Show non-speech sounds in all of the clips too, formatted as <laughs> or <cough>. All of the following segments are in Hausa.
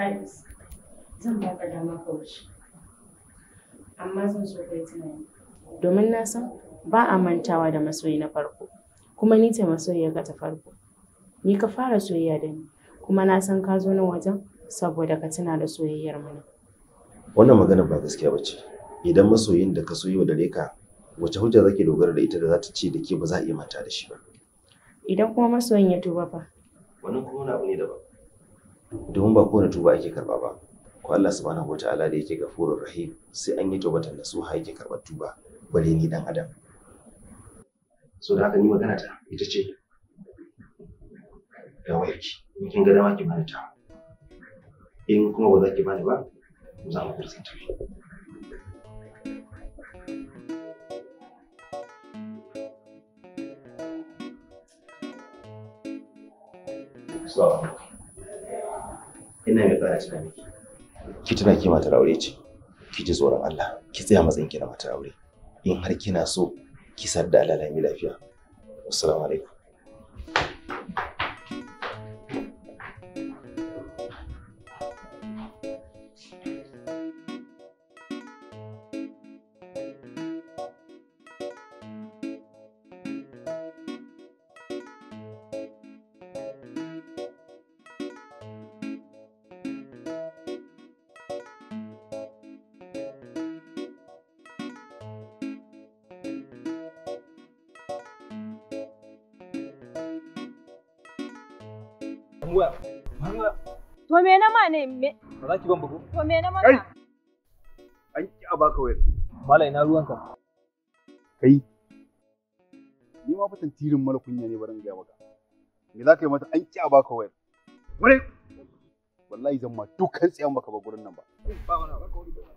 Faris, zan baka dama ka wuce. Amma zan so kai tunani. Domin na san ba a mantawa da masoyi na farko, kuma ni ce masoyiyar ka ta farko. Ni ka fara soyayya da ni, kuma na san ka zo nan wajen saboda ka tuna da soyayyar mu Wannan magana ba gaskiya ba ce, Idan masoyin da ka so wa da ka wace hujja zake dogara da ita da za ta ce da ke ba za a iya manta da shi ba. Idan kuma masoyin ya tuba fa. Wannan kuma wani abu ne daban. domin ba kowane tuba ake karba ba ko Allah subhanahu wataala da yake gafurur rahim sai an yi su ha yake karbar tuba bare ni dan adam so da haka ni magana ta ita ce ga wayarki in kin ga dama ki bani ta in kuma ba za ki bani ba za mu kursa tafi Assalamu ina mai ƙara ki tuna ki matar aure ce ki ji tsoron Allah ki tsaya matsayin ki na matar aure in har kina so ki sadda alalami lafiya assalamu alaikum Manuwa, To me na ma ne me? Ba za ki ban bugu? To me na ma? An ki a baka wayar. Mala ina ruwanka. Kai. Ni ma fatan tirin mara kunya ne barin gaya maka. Me za ka yi mata an ki a baka wayar? Wani. Wallahi zan ma dukkan tsayan baka ba gurin nan ba. Ba wani ba ka wani ba.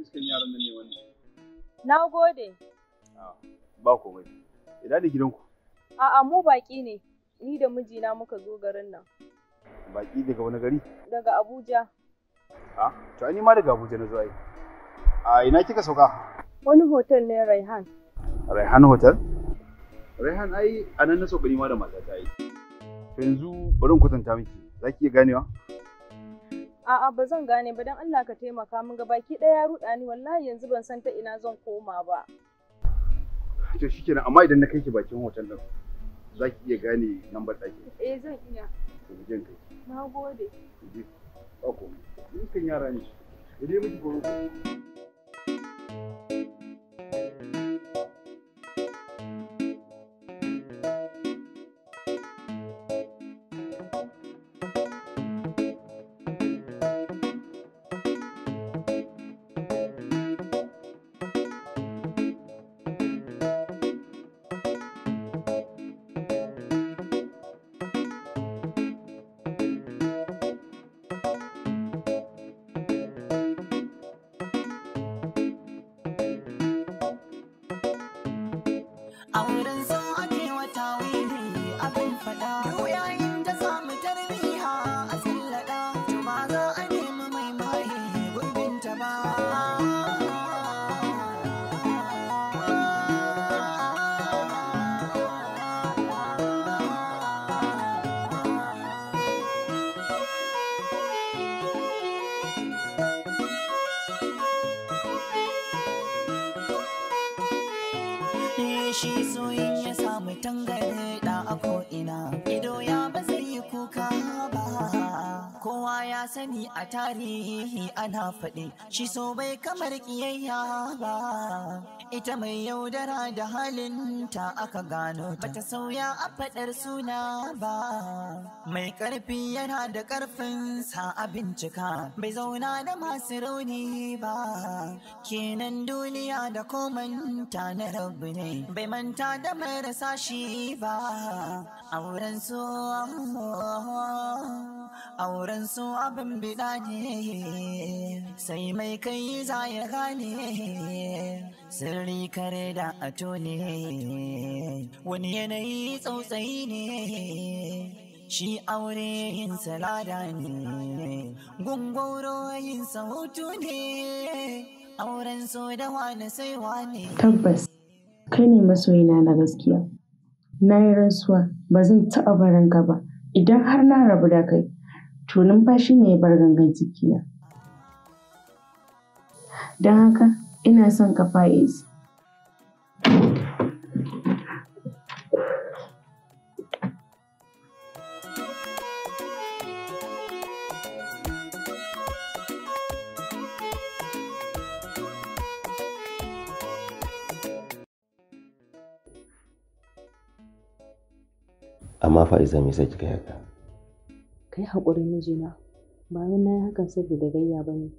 Iskan yaran nan ne wannan. Na gode. Ba komai. Ina ne gidanku? A'a mu baƙi ne. ni da mijina muka zo garin nan. Baki daga wani gari? Daga Abuja. Ha? Ah, to ni ma daga Abuja na zo ai. A ina kika sauka? Wani hotel ne Raihan. Raihan hotel? Raihan ai a nan na sauka ni ma da matata ta yi. yanzu bari in kwatanta miki. Za ki iya ganewa? A'a ba zan gane ba dan Allah ka taimaka mun ga baki ɗaya ya ruɗa ni wallahi yanzu ban san ta ina zan koma ba. To shikenan amma idan na kai ki bakin hotel din za ki iya gane lambar ɗaki. Eh zan iya. Ku jin kai. Na gode. Ku ji. Ba komai. Dukkan yara ne. Ku je miki goro. shi soyin ya samu tangare da a ina. A sani a tarihi ana faɗi shi so bai kamar kiyayya ba ita mai yaudara da halin ta aka gano bata sauya a faɗar suna ba mai ƙarfi yana da ƙarfin sa a bincika bai zauna da masu rauni ba kenan duniya da komanta na rabu ne bai manta da marasa shi ba auren su ah, ah, ah. auren su abin bida ne sai mai kai za ya gane sirri kare da ato ne wani yanayi tsautsayi ne shi aure yin salada ne gungoro yin sautu ne auren so da wani saiwa ne tabbas kai ne masoyina na gaskiya na yi rantsuwa ba zan taɓa barin ka ba idan har na rabu da kai to numfashi ne ya bar gangan jikina. Don haka ina son ka Faiz. amma fa'iza me sai kika yaka kai yi haƙuri mijina ba wai na yi hakan saboda gayya ba ne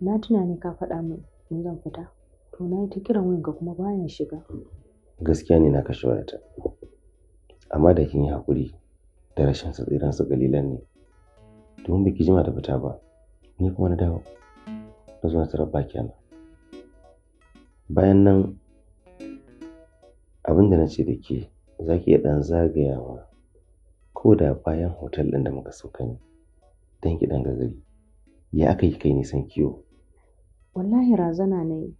na tuna ne ka faɗa min in zan fita to na yi ta kiran wayanka kuma ya shiga gaskiya ne na kashe wayata amma da kin yi haƙuri da rashin sa tsiran su galilan ne domin biki jima da fita ba ni kuma na dawo na zo na baki bayan nan abin da na ce da ke za ki iya ɗan zagayawa ko bayan hotel ɗin da muka sauka ne don ki ɗan gagari ya aka yi kai nisan kiwo wallahi razana na yi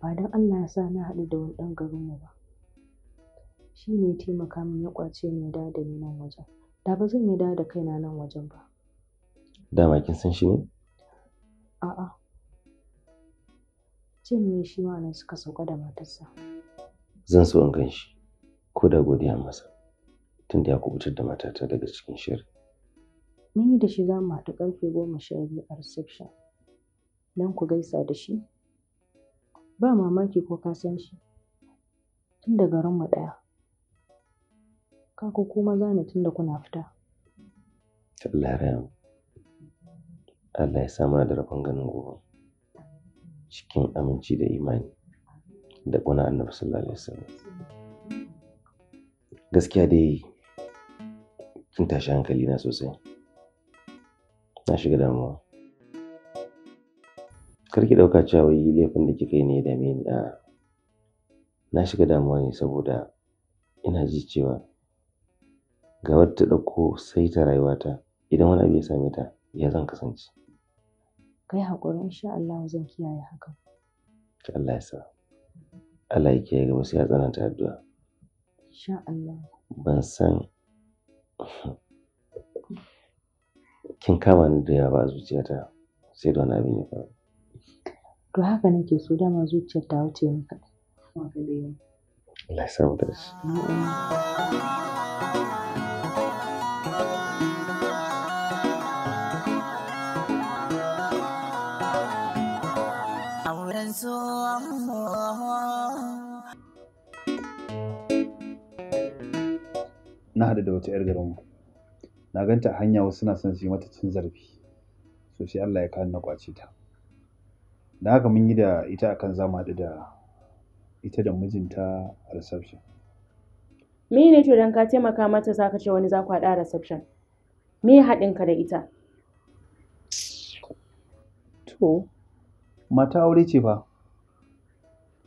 ba don allah ya sa na haɗu da wani ɗan mu ba shi ne ya taimaka min ya ƙwace ni da da ni nan wajen da ba zan yi da da kaina nan wajen ba dama kin san shi ne a'a cin ne shi ma nan suka sauka da matarsa zan so in ganshi ko da godiya masa tunda ya kubutar da matata daga cikin shirin. Mun yi da shi za mu haɗu ƙarfe goma sha biyu a reception. Don ku gaisa da shi. Ba mamaki ko ka san shi. Tun da garinmu ɗaya. Kaku kuma za ni tun da kuna fita. Allah ya Allah ya sa mana da rabon ganin gobe. Cikin aminci da imani. Da kuna annabi sallallahu alaihi wasallam. Gaskiya dai kin tashi hankali na sosai na shiga damuwa Kar ki ɗauka cewa wai laifin da kika yi ne da ni a na shiga damuwa ne saboda ina ji cewa ga wadda ta sai ta rayuwata idan wani abu ya same ta ya zan kasance kai haƙuri insha Allah zan kiyaye hakan Allah ya sa Allah ya kiyaye gaba sai ya tsananta addu'a insha Allah ban san kin kama ni da yawa a zuciyata sai da wani abin ya faru to haka nake so dama zuciyar ta wuce ni kaɗai Allah samu auren so haɗu da wata 'yar garinmu na ganta a hanya wasu suna son su yi mata cin zarafi so sai Allah ya kawo na ƙwace ta da haka mun yi da ita akan za mu haɗu da ita da mijinta a reception me ne to dan ka taimaka mata za ka ce wani za ku haɗu a reception me haɗin ka da ita to mata aure ce fa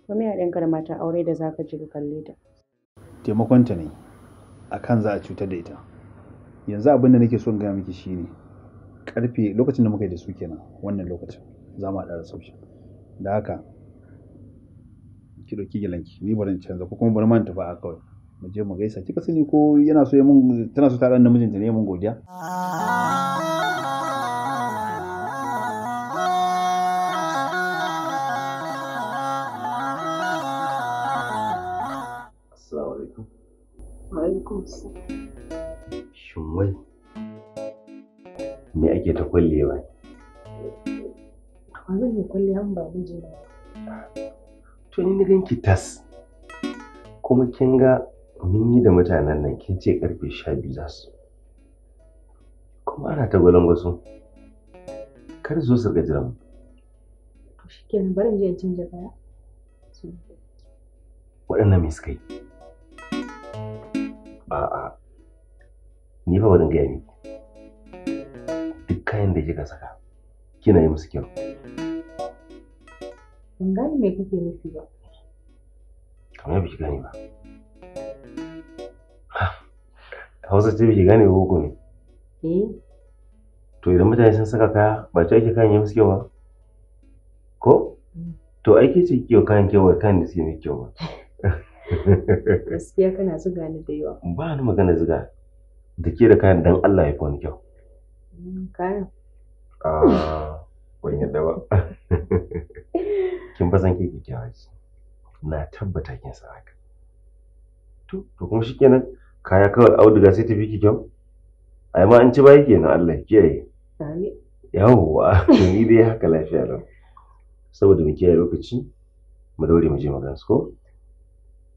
to me haɗin ka da mata aure da za ka je ka kalle ta taimakonta ne akan za a cutar da ita yanzu abin da nake so in gaya miki shi ne karfe lokacin da muka yi da su kenan wannan lokacin za mu haɗa reception da haka ki ɗauki gilanki ni bari in canza ko kuma bari man tafi a kawai mu je mu gaisa kika sani ko yana so ya mun tana so ta ɗan namijinta ne mun godiya su shin wai me ake ta kullewa ba zan yi kulle an ba miji ba to ni gan ki tas kuma kin ga mun yi da mutanen nan kin ce karfe sha biyu za su kuma ana ta wasu. kar zo su gajira mu to shikenan bari je in canja kaya waɗannan me suka yi a'a ni fa bazan gaya miki duk kayan da kika saka kina yi musu kyau ban gane me kake nufi ba kamar biki gane ba hausa ce biki gane ba ko ne eh to idan mutane sun saka kaya ba ce ake kayan yi musu kyau ba ko mm. to aiki ce kiyo kayan kyau kayan da suke mai kyau ba <laughs> Gaskiya kana zuga ni da yawa. Ba ni magana zuga. Da ke da kayan dan Allah ya fi wani kyau. Mm, kayan? Ah, ban yadda ba. Kin bazan ke kyakkyawa ce. Na tabbata kin sa haka. To, to kuma shikenan kaya kawai auduga sai ta fi ki kyau. Ai ma an ci bayi kenan Allah ya kiyaye. Amin. Yawwa, to ni dai haka lafiya lau. Saboda mu kiyaye lokaci, mu daure mu je magana ko?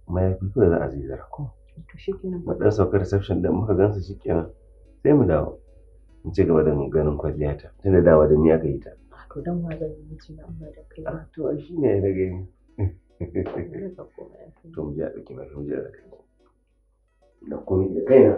mayafi da za a zizar ko to shikenan mu dan sauka reception din muka gansa shikenan sai mu dawo Mu ci gaba da ganin kwalliya ta da dawa da ni aka yi ta ah, to dan wa zan yi ci na amma da kai ba ah, to a shi ne da gani <laughs> to mu je a dauki mafi mu je a dauki da komai da kaina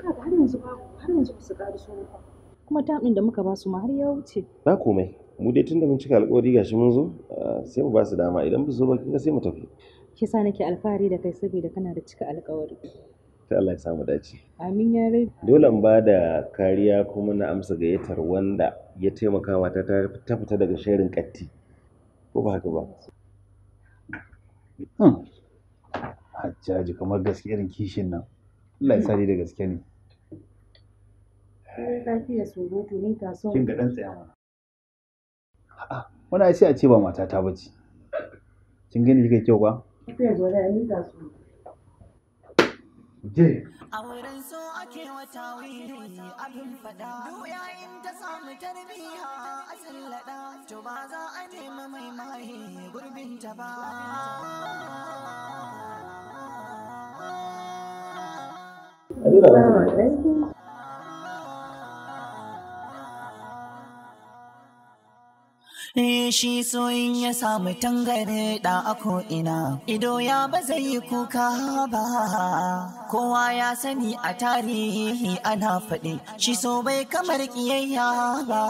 kaga har yanzu ba har yanzu ba su ƙari ba kuma tam da muka ba su ma har ya wuce ba komai mu dai tunda mun cika alƙawari gashi mun zo eh, sai mu ba su dama idan ba su zo ba kinga sai mu tafi kisa nake alfahari da kai saboda kana da cika alƙawari ta Allah ya samu dace amin ya rai dole in ba da kariya kuma na amsa gayyatar wanda ya taimaka mata ta fita daga shirin katti ko ba haka ba hmm. Hajjaji kamar gaskiyar kishin nan Allah ya sani da gaske ne kin ga dan tsaya mana a'a wani ai sai a ce ba matata ba kin gani kika kyau ba A wurin so ake wata abin fada yayin ta samu tarbiya ba za a nema mai gurbin ba. Allora, shi soyin ya samu tangare da ako ina. ido ya ba zai yi kuka ba kowa ya sani a tarihi ana faɗi shi so bai kamar kiyayya ba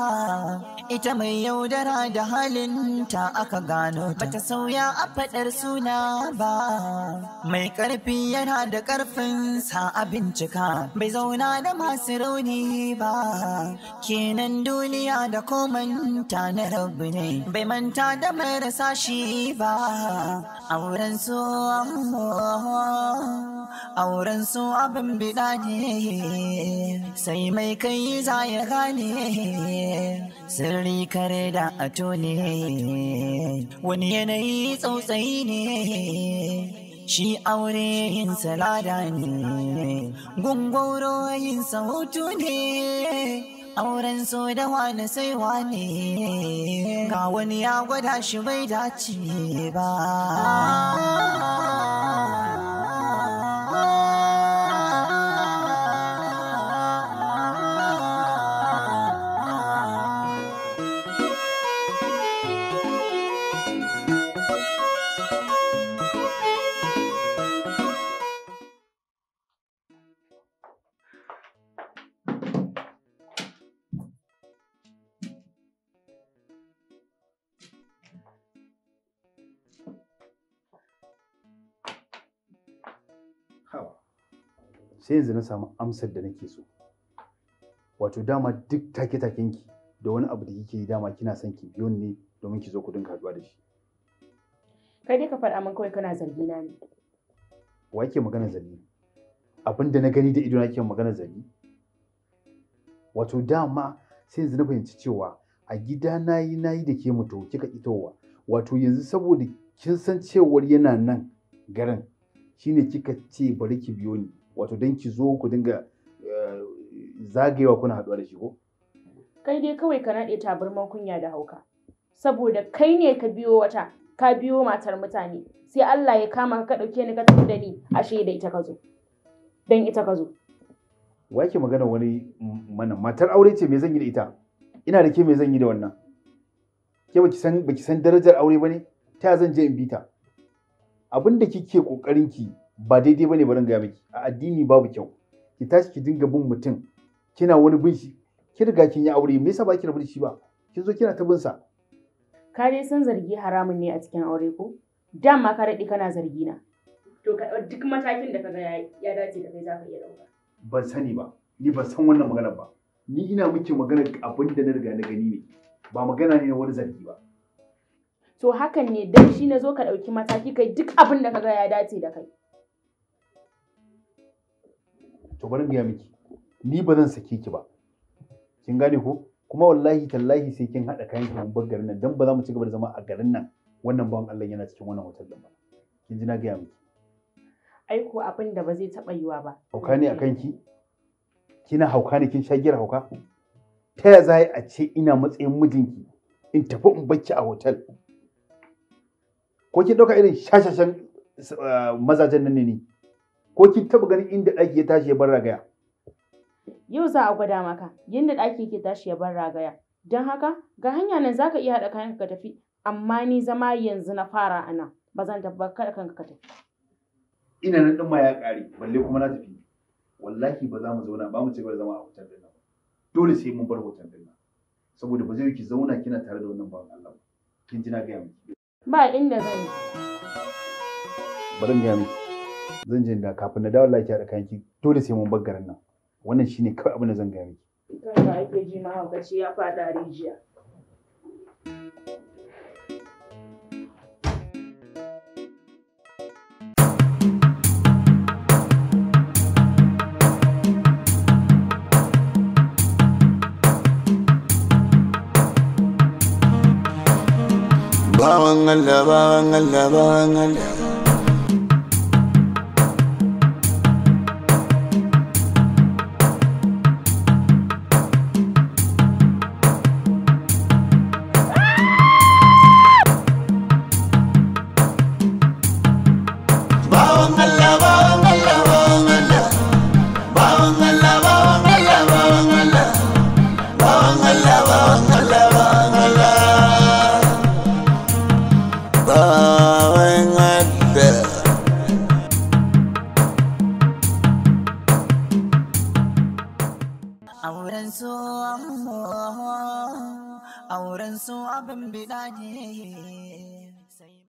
ita mai yaudara da halin ta aka gano ta sauya a faɗar suna ba mai ƙarfi yana da ƙarfin sa a bincika bai zauna da masu rauni ba kenan duniya da komanta na rabu bai manta da marasa shi ba auren su auren su abin bida ne sai mai kai za ya gane sirri kare da ato ne wani yanayi tsautsayi ne shi aure yin salada ne gungoro yin sautu ne auren so da wani sai wani ga wani ya gwada shi bai dace ba sai yanzu na samu amsar da nake so wato dama duk take-taken ki da wani abu da kike yi dama kina son ki biyo ne domin ki zo kudin da shi kai dai ka faɗa min kawai kana zargi na ne wa yake magana zargi abin da na gani da ido na ke magana zargi wato dama sai yanzu na fahimci cewa a gida na yi na da ke mutu kika itowa wato yanzu saboda kin san cewar yana nan garin shine kika ce bari ki biyo ni wato don ki zo ku dinga eh, zagewa kuna haɗuwa da shi ko? Kai dai kawai ka naɗe tabarman kunya da hauka. Saboda kai ne ka biyo wata, ka biyo matar mutane, sai Allah ya kama ka ɗauke ni ka tafi da ni a da ita ka zo. Don ita ka zo. Wa yake magana wani mana matar aure ce me zan yi da ita? Ina da ke me zan yi da wannan? Ke baki san baki san darajar aure ba ne? Ta zan je in bi ta. Abin da kike kokarin ki ba daidai bane bari ga miki a addini babu kyau ki tashi ki dinga bin mutum kina wani bin shi ki riga kin yi aure me yasa ba ki rabu da shi ba kin zo kina ta bin sa ka dai san zargi haramun ne a cikin aure ko dama ka rade kana zargi na to duk matakin da ka ga ya dace da kai za ka iya ɗauka ban sani ba ni ban san wannan maganar ba ni ina miki maganar abin da na riga na gani ne ba magana ne na wani zargi ba to hakan ne dan shi na zo ka ɗauki mataki kai duk abin da ga ya dace da kai to bari gaya miki ni ba zan sake ki ba kin gane ko kuma wallahi tallahi sai kin haɗa kayan ki mun garin nan dan ba za mu ci gaba da zama a garin nan wannan bawan Allah yana cikin wannan hotel din ba kin ji na gaya miki ai ko abin da ba zai taɓa yiwa ba hauka ne akan ki kina hauka ne kin shagir hauka ta ya zai a ce ina matsayin mijinki in tafi in bacci a hotel ko ki ɗauka irin shashashan eh, mazajen nan ne ko kin taba ganin inda ɗaki ya tashi ya bar ragaya yau za a gwada maka yadda ɗaki yake tashi ya bar ragaya don haka ga hanya nan zaka iya haɗa kayan ka tafi amma ni zama yanzu na fara a nan ba zan tabbatar kada kanka ka tafi ina nan ɗin ma ya ƙare balle kuma na tafi wallahi ba za mu zauna ba mu ci gaba zama a hotel ɗin nan dole sai mun bar hotel ɗin nan saboda ba zai ki zauna kina tare da wannan bawan Allah kin ji na gaya miki ba inda zan yi bari mu gaya miki zan jin da kafin na dawo lafiya da kayan ki dole sai mun bangaren nan wannan shine kawai abin da zan gaya miki kanka ake ji ma haukaci ya fada rijiya Allah, bawang Allah, bawang Allah.